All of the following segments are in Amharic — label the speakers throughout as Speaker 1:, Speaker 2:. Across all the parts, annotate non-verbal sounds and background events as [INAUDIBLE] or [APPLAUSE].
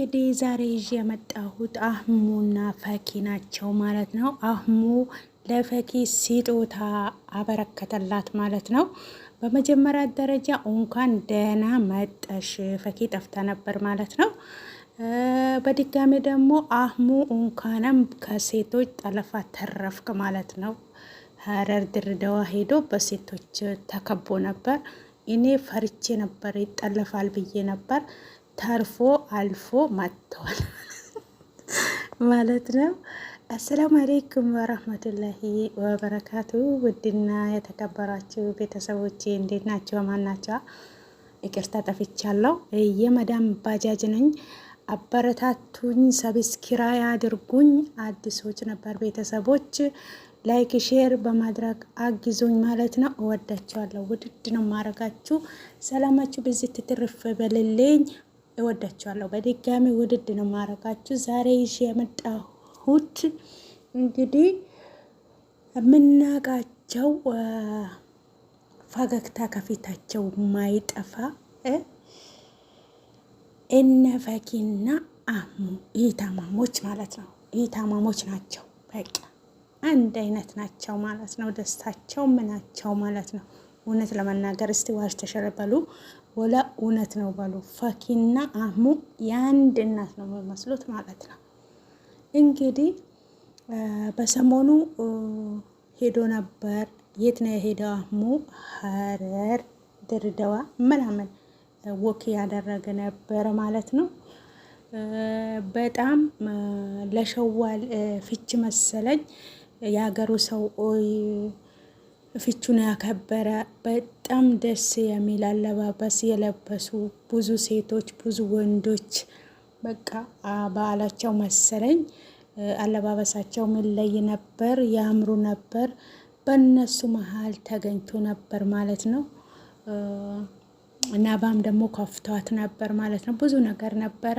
Speaker 1: እንግዲህ ዛሬ ይዤ የመጣሁት አህሙና ፈኪ ናቸው ማለት ነው። አህሙ ለፈኪ ስጦታ አበረከተላት ማለት ነው። በመጀመሪያ ደረጃ እንኳን ደህና መጠሽ ፈኪ ጠፍታ ነበር ማለት ነው። በድጋሚ ደግሞ አህሙ እንኳንም ከሴቶች ጠለፋ ተረፍክ ማለት ነው። ሀረር ድሬዳዋ ሄዶ በሴቶች ተከቦ ነበር። እኔ ፈርቼ ነበር ይጠለፋል ብዬ ነበር ተርፎ አልፎ መጥተዋል [LAUGHS] ማለት ነው። አሰላሙ አሌይኩም ወረህመቱላሂ ወበረካቱ። ውድና የተከበራችሁ ቤተሰቦቼ እንዴት ናቸው? ማናቸው? ይቅርታ ጠፍቻለሁ። የመዳም ባጃጅ ነኝ። አበረታቱኝ፣ ሰብስክራይ አድርጉኝ። አዲሶች ነበር ቤተሰቦች ላይክ ሼር በማድረግ አግዞኝ ማለት ነው። እወዳቸዋለሁ፣ ውድድ ነው ማረጋችሁ። ሰላማችሁ ብዝት ትርፍ በልልኝ። እወዳችኋለሁ። በድጋሚ ውድድ ነው ማረጋችሁ። ዛሬ ይዤ የመጣሁት እንግዲህ የምናቃቸው ፈገግታ ከፊታቸው ማይጠፋ እነ ፈኪና አሙ ኢታማሞች ማለት ነው። ኢታማሞች ናቸው። በቃ አንድ አይነት ናቸው ማለት ነው። ደስታቸው ምናቸው ማለት ነው። እውነት ለመናገር እስቲ ዋሽ ተሸረ በሉ ወላ እውነት ነው በሉ። ፈኪና አህሙ የአንድ እናት ነው የሚመስሉት ማለት ነው። እንግዲህ በሰሞኑ ሄዶ ነበር። የት ነው የሄደው አህሙ? ሀረር ድሬዳዋ ምናምን ወክ ያደረገ ነበር ማለት ነው። በጣም ለሸዋል ፍች መሰለኝ የሀገሩ ሰው ፍቹን ያከበረ በጣም ደስ የሚል አለባበስ የለበሱ ብዙ ሴቶች ብዙ ወንዶች በቃ በዓላቸው መሰለኝ። አለባበሳቸው ምለይ ነበር፣ ያምሩ ነበር። በእነሱ መሀል ተገኝቶ ነበር ማለት ነው። ናባም ደግሞ ከፍቷት ነበር ማለት ነው። ብዙ ነገር ነበረ።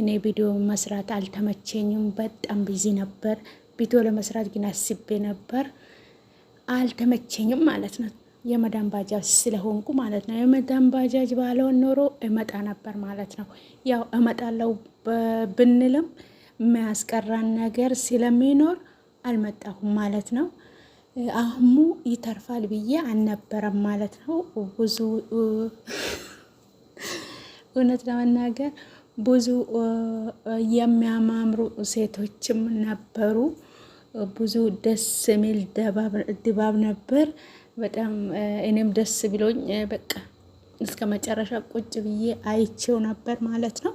Speaker 1: እኔ ቪዲዮ መስራት አልተመቼኝም፣ በጣም ቢዚ ነበር። ቪዲዮ ለመስራት ግን አስቤ ነበር አልተመቸኝም ማለት ነው። የመዳን ባጃጅ ስለሆንኩ ማለት ነው። የመዳን ባጃጅ ባለውን ኖሮ እመጣ ነበር ማለት ነው። ያው እመጣለው ብንልም የሚያስቀራን ነገር ስለሚኖር አልመጣሁም ማለት ነው። አህሙ ይተርፋል ብዬ አልነበረም ማለት ነው። ብዙ እውነት ለመናገር ብዙ የሚያማምሩ ሴቶችም ነበሩ። ብዙ ደስ የሚል ድባብ ነበር። በጣም እኔም ደስ ብሎኝ በቃ እስከ መጨረሻ ቁጭ ብዬ አይቼው ነበር ማለት ነው።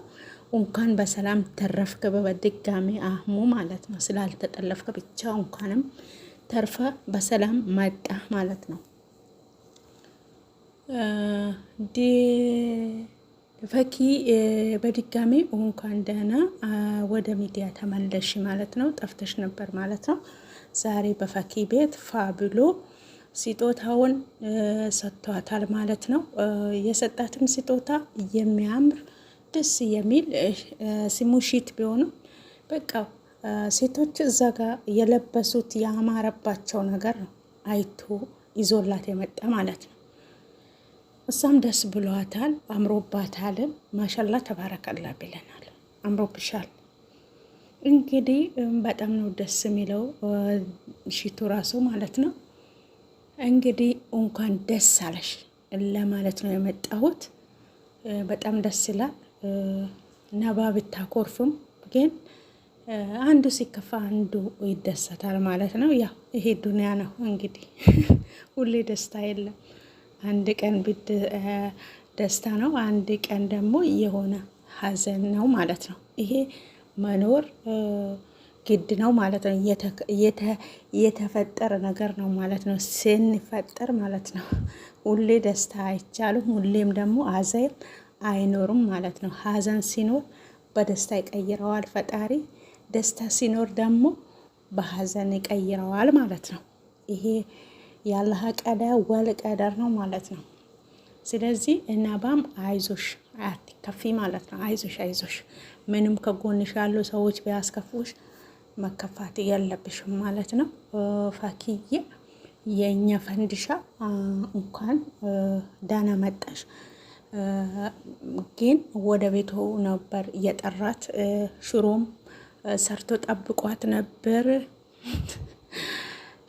Speaker 1: እንኳን በሰላም ተረፍከ በድጋሚ አህሙ ማለት ነው። ስላልተጠለፍከ ብቻ እንኳንም ተርፈ በሰላም መጣ ማለት ነው። ፈኪ በድጋሚ እንኳን ደህና ወደ ሚዲያ ተመለሽ ማለት ነው። ጠፍተሽ ነበር ማለት ነው። ዛሬ በፈኪ ቤት ፋ ብሎ ስጦታውን ሰጥቷታል ማለት ነው። የሰጣትም ስጦታ የሚያምር ደስ የሚል ስሙ ሺት ቢሆንም በቃ ሴቶች እዛ ጋር የለበሱት ያማረባቸው ነገር ነው አይቶ ይዞላት የመጣ ማለት ነው። እሷም ደስ ብሏታል፣ አምሮባታልም። ማሻላ ተባረከላ ብለናል። አምሮብሻል። እንግዲህ በጣም ነው ደስ የሚለው ሽቱ ራሱ ማለት ነው። እንግዲህ እንኳን ደስ አለሽ ለማለት ነው የመጣሁት። በጣም ደስ ይላል። ነባ ብታኮርፍም ግን አንዱ ሲከፋ አንዱ ይደሰታል ማለት ነው። ያው ይሄ ዱንያ ነው እንግዲህ [LAUGHS] ሁሌ ደስታ የለም። አንድ ቀን ብድ ደስታ ነው፣ አንድ ቀን ደግሞ የሆነ ሀዘን ነው ማለት ነው። ይሄ መኖር ግድ ነው ማለት ነው። የተፈጠረ ነገር ነው ማለት ነው። ስንፈጠር ማለት ነው። ሁሌ ደስታ አይቻሉም ሁሌም ደግሞ ሀዘን አይኖርም ማለት ነው። ሀዘን ሲኖር በደስታ ይቀይረዋል ፈጣሪ፣ ደስታ ሲኖር ደግሞ በሀዘን ይቀይረዋል ማለት ነው። ይሄ ያለሀ ቀደ ወል ቀደር ነው ማለት ነው። ስለዚህ እናባም አይዞሽ አትከፊ ማለት ነው። አይዞሽ አይዞሽ፣ ምንም ከጎንሽ ያሉ ሰዎች ቢያስከፉሽ መከፋት የለብሽም ማለት ነው። ፋኪዬ የእኛ ፈንድሻ እንኳን ደህና መጣሽ። ግን ወደ ቤቱ ነበር የጠራት። ሽሮም ሰርቶ ጠብቋት ነበር።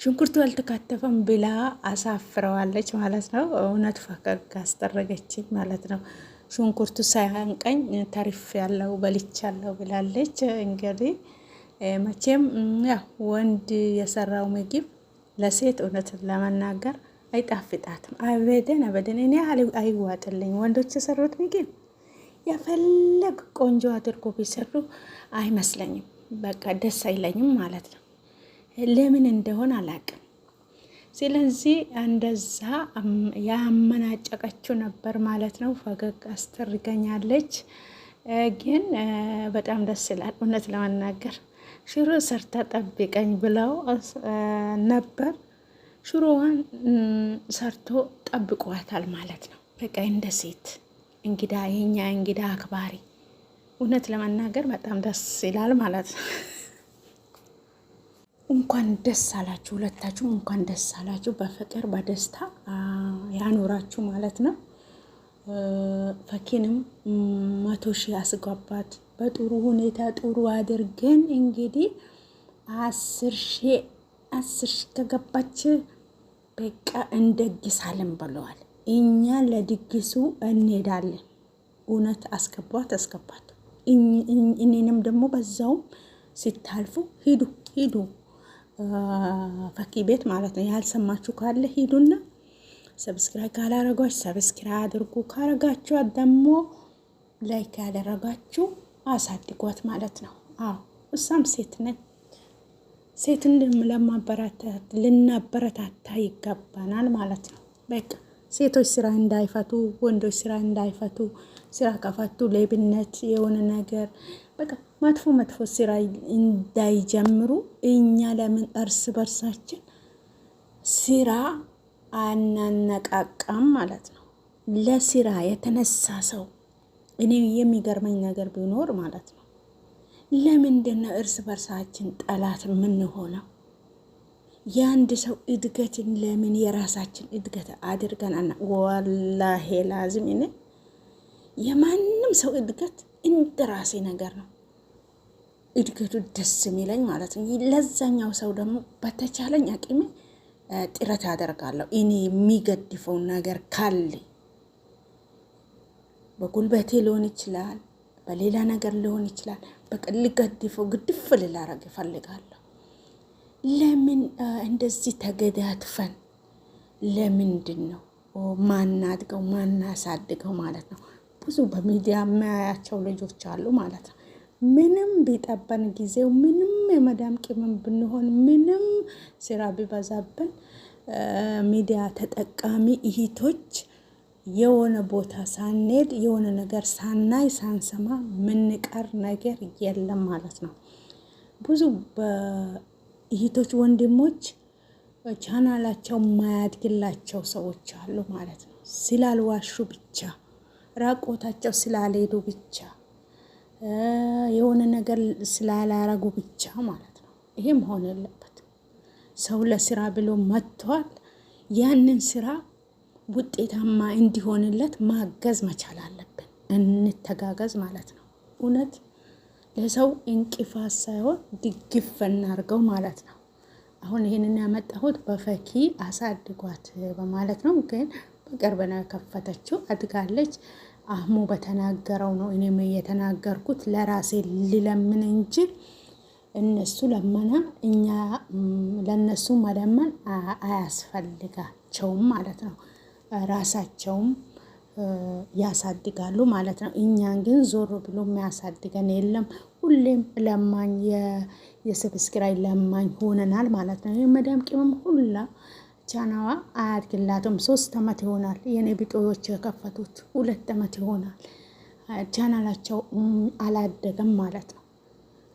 Speaker 1: ሽንኩርቱ አልተካተፈም ብላ አሳፍረዋለች ማለት ነው። እውነት ፈቀቅ ካስጠረገችኝ ማለት ነው። ሽንኩርቱ ሳያንቀኝ ተሪፍ ያለው በልች ያለው ብላለች። እንግዲህ መቼም ያው ወንድ የሰራው ምግብ ለሴት እውነት ለመናገር አይጣፍጣትም። አበደን አበደን። እኔ አይዋጥልኝ ወንዶች የሰሩት ምግብ የፈለግ ቆንጆ አድርጎ ቢሰሩ አይመስለኝም። በቃ ደስ አይለኝም ማለት ነው። ለምን እንደሆን አላቅም። ስለዚህ እንደዛ ያመናጨቀችው ነበር ማለት ነው። ፈገግ አስተርገኛለች፣ ግን በጣም ደስ ይላል። እውነት ለመናገር ሽሮ ሰርታ ጠብቀኝ ብለው ነበር። ሽሮዋን ሰርቶ ጠብቋታል ማለት ነው። በቃ እንደ ሴት እንግዳ የኛ እንግዳ አክባሪ እውነት ለመናገር በጣም ደስ ይላል ማለት ነው። እንኳን ደስ አላችሁ፣ ሁለታችሁም እንኳን ደስ አላችሁ። በፍቅር በደስታ ያኖራችሁ ማለት ነው። ፈኪንም መቶ ሺህ አስጓባት በጥሩ ሁኔታ ጥሩ አድርገን እንግዲህ አስር ሺህ አስር ሺህ ከገባች በቃ እንደግሳለን ብለዋል። እኛ ለድግሱ እንሄዳለን። እውነት አስገቧት፣ አስገባት። እኔንም ደግሞ በዛውም ሲታልፉ ሂዱ ሂዱ ፈኪ ቤት ማለት ነው። ያልሰማችሁ ካለ ሂዱና ሰብስክራይብ ካላረጓችሁ ሰብስክራይብ አድርጉ፣ ካረጋችኋት ደግሞ ላይክ ያደረጋችሁ አሳድጓት ማለት ነው። አዎ እሷም ሴት ነን። ሴትን ለማበረታት ልናበረታታ ይገባናል ማለት ነው። በቃ ሴቶች ስራ እንዳይፈቱ፣ ወንዶች ስራ እንዳይፈቱ፣ ስራ ከፈቱ ሌብነት የሆነ ነገር በቃ መጥፎ መጥፎ ስራ እንዳይጀምሩ እኛ ለምን እርስ በርሳችን ስራ አናነቃቃም ማለት ነው። ለስራ የተነሳ ሰው እኔ የሚገርመኝ ነገር ቢኖር ማለት ነው ለምንድን ነው እርስ በርሳችን ጠላት የምንሆነው? የአንድ ሰው እድገትን ለምን የራሳችን እድገት አድርገን አና ወላሄ ላዝም እኔ የማንም ሰው እድገት እንደ ራሴ ነገር ነው እድገቱ ደስ የሚለኝ ማለት ነው። ለዛኛው ሰው ደግሞ በተቻለኝ አቅሜ ጥረት ያደርጋለሁ እኔ የሚገድፈው ነገር ካለ በጉልበቴ ሊሆን ይችላል፣ በሌላ ነገር ሊሆን ይችላል። በቃ ልገድፈው ግድፍ ልላረግ እፈልጋለሁ። ለምን እንደዚህ ተገዳትፈን ለምንድን ነው ማናድገው ማናሳድገው ማለት ነው። ብዙ በሚዲያ የሚያያቸው ልጆች አሉ ማለት ነው። ምንም ቢጠበን ጊዜው ምንም የመዳም ቅመም ብንሆን ምንም ስራ ቢበዛብን ሚዲያ ተጠቃሚ እህቶች የሆነ ቦታ ሳንሄድ የሆነ ነገር ሳናይ ሳንሰማ ምንቀር ነገር የለም ማለት ነው። ብዙ እህቶች ወንድሞች ቻናላቸው ማያድግላቸው ሰዎች አሉ ማለት ነው። ስላልዋሹ ብቻ ራቆታቸው ስላልሄዱ ብቻ የሆነ ነገር ስላላረጉ ብቻ ማለት ነው። ይሄ መሆን የለበት። ሰው ለስራ ብሎ መጥቷል። ያንን ስራ ውጤታማ እንዲሆንለት ማገዝ መቻል አለብን። እንተጋገዝ ማለት ነው። እውነት ለሰው እንቅፋት ሳይሆን ድግፍ እናርገው ማለት ነው። አሁን ይህንን ያመጣሁት በፈኪ አሳድጓት በማለት ነው ግን በቅርብ ነው የከፈተችው፣ አድጋለች። አህሙ በተናገረው ነው እኔም የተናገርኩት። ለራሴ ልለምን እንጂ እነሱ ለመና እኛ ለእነሱ መለመን አያስፈልጋቸውም ማለት ነው። ራሳቸውም ያሳድጋሉ ማለት ነው። እኛን ግን ዞር ብሎ የሚያሳድገን የለም። ሁሌም ለማኝ የሰብስክራይ ለማኝ ሆነናል ማለት ነው። የመዳም ቅመም ሁላ ቻናዋ አያድግላትም። ሶስት አመት ይሆናል የኔ ቢጦዎች የከፈቱት ሁለት አመት ይሆናል። ቻናላቸው አላደገም ማለት ነው።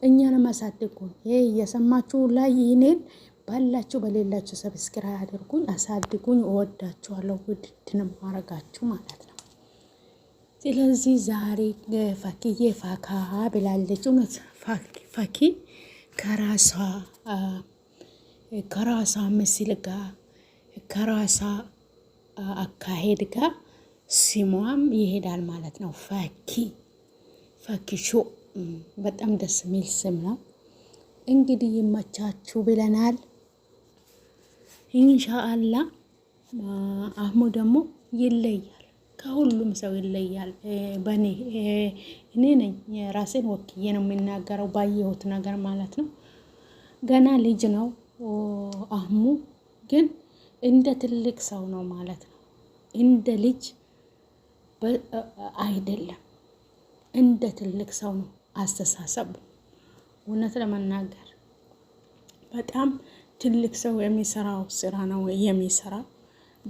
Speaker 1: እኛን አሳድጉን። ይሄ እየሰማችሁ ላይ ይህኔን ባላችሁ በሌላችሁ ሰብስክራ አድርጉኝ፣ አሳድጉኝ። እወዳችኋለሁ። ውድድ ነው ማረጋችሁ ማለት ነው። ስለዚህ ዛሬ ፋኪዬ ፋካ ብላለች። እውነት ፋኪ ከራሷ ከራሷ ምስል ጋር ከራሳ አካሄድ ጋር ሲሟም ይሄዳል ማለት ነው። ፈኪ ፈኪሾ በጣም ደስ የሚል ስም ነው። እንግዲህ ይመቻችሁ ብለናል። ኢንሻአላ አህሙ ደግሞ ይለያል፣ ከሁሉም ሰው ይለያል። በኔ እኔ ነኝ ራሴን ወክዬ ነው የሚናገረው ባየሁት ነገር ማለት ነው። ገና ልጅ ነው አህሙ ግን እንደ ትልቅ ሰው ነው ማለት ነው። እንደ ልጅ አይደለም፣ እንደ ትልቅ ሰው ነው አስተሳሰቡ። እውነት ለመናገር በጣም ትልቅ ሰው የሚሰራው ስራ ነው የሚሰራ።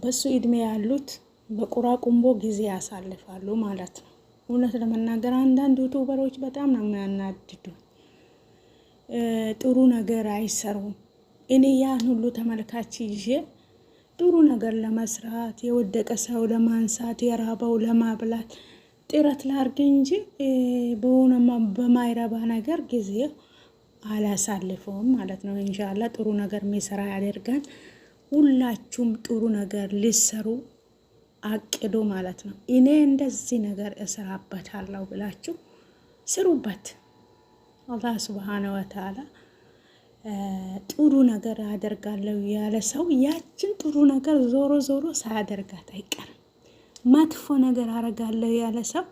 Speaker 1: በሱ እድሜ ያሉት በቁራቁምቦ ጊዜ ያሳልፋሉ ማለት ነው። እውነት ለመናገር አንዳንድ ዩቱበሮች በጣም ነው የሚያናድዱ። ጥሩ ነገር አይሰሩም። እኔ ያን ሁሉ ተመልካች ይዤ ጥሩ ነገር ለመስራት የወደቀ ሰው ለማንሳት የራበው ለማብላት ጥረት ላርግ እንጂ በሆነ በማይረባ ነገር ጊዜ አላሳልፈውም ማለት ነው። እንሻላ ጥሩ ነገር ሚሰራ ያደርገን። ሁላችሁም ጥሩ ነገር ሊሰሩ አቅዶ ማለት ነው። እኔ እንደዚህ ነገር እሰራበታለሁ ብላችሁ ስሩበት። አላህ ስብሓነ ወተዓላ ጥሩ ነገር አደርጋለሁ ያለ ሰው ያችን ጥሩ ነገር ዞሮ ዞሮ ሳያደርጋት አይቀርም። መጥፎ ነገር አረጋለሁ ያለ ሰው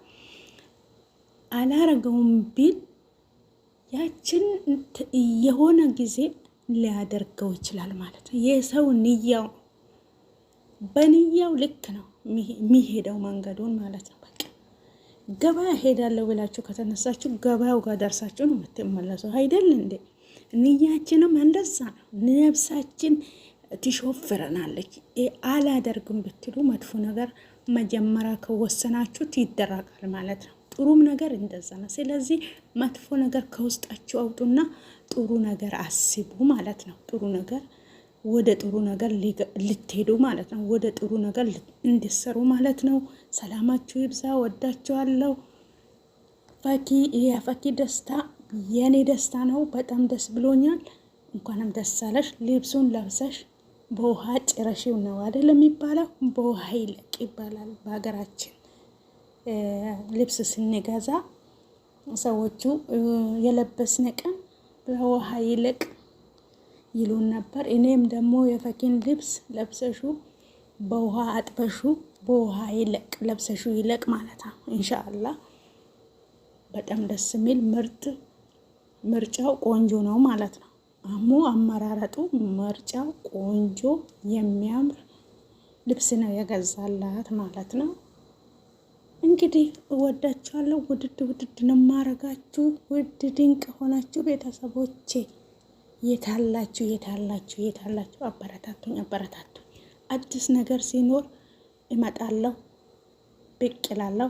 Speaker 1: አላረገውም ቢል ያችን የሆነ ጊዜ ሊያደርገው ይችላል ማለት ነው። የሰው ንያው በንያው ልክ ነው የሚሄደው መንገዱን ማለት ነው። በቃ ገበያ ሄዳለሁ ብላችሁ ከተነሳችሁ ገበያው ጋር ደርሳችሁ ነው የምትመለሰው አይደል እንዴ? ንያችንም እንደዛ ነው። ነብሳችን ትሾፍረናለች። አላደርግም ብትሉ መጥፎ ነገር መጀመሪያ ከወሰናችሁት ይደረጋል ማለት ነው። ጥሩም ነገር እንደዛ ነው። ስለዚህ መጥፎ ነገር ከውስጣችሁ አውጡና ጥሩ ነገር አስቡ ማለት ነው። ጥሩ ነገር ወደ ጥሩ ነገር ልትሄዱ ማለት ነው። ወደ ጥሩ ነገር እንድሰሩ ማለት ነው። ሰላማችሁ ይብዛ። ወዳችኋለሁ። ፈኪ የፈኪ ደስታ የኔ ደስታ ነው። በጣም ደስ ብሎኛል። እንኳንም ደስ አለሽ። ልብሱን ለብሰሽ በውሃ ጭረሽው ነው አይደል የሚባለው? በውሃ ይለቅ ይባላል በሀገራችን። ልብስ ስንገዛ ሰዎቹ የለበስን ቀን በውሃ ይለቅ ይሉን ነበር። እኔም ደግሞ የፈኪን ልብስ ለብሰሹ በውሃ አጥበሹ በውሃ ይለቅ ለብሰሹ ይለቅ ማለት ነው። ኢንሻአላህ በጣም ደስ የሚል ምርጥ ምርጫው ቆንጆ ነው ማለት ነው። አሞ አመራረጡ ምርጫው ቆንጆ የሚያምር ልብስ ነው የገዛላት ማለት ነው። እንግዲህ እወዳችኋለሁ። ውድድ ውድድ ንማረጋችሁ ውድ ድንቅ ሆናችሁ ቤተሰቦቼ የታላችሁ የታላችሁ የታላችሁ፣ አበረታቱኝ አበረታቱኝ። አዲስ ነገር ሲኖር እመጣለሁ ብቅ እላለሁ።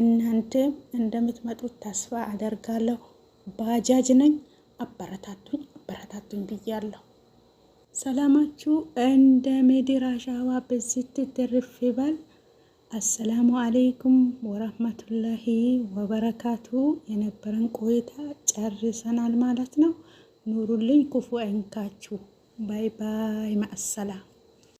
Speaker 1: እናንተም እንደምትመጡት ተስፋ አደርጋለሁ። ባጃጅ ነኝ። አበረታቱኝ አበረታቱኝ ብያለሁ። ሰላማችሁ እንደ ምድር አሸዋ ብዝት ትርፍ ይበል። አሰላሙ አሌይኩም ወረህመቱላሂ ወበረካቱ። የነበረን ቆይታ ጨርሰናል ማለት ነው። ኑሩልኝ፣ ክፉ አይንካችሁ። ባይ ባይ፣ ማሰላም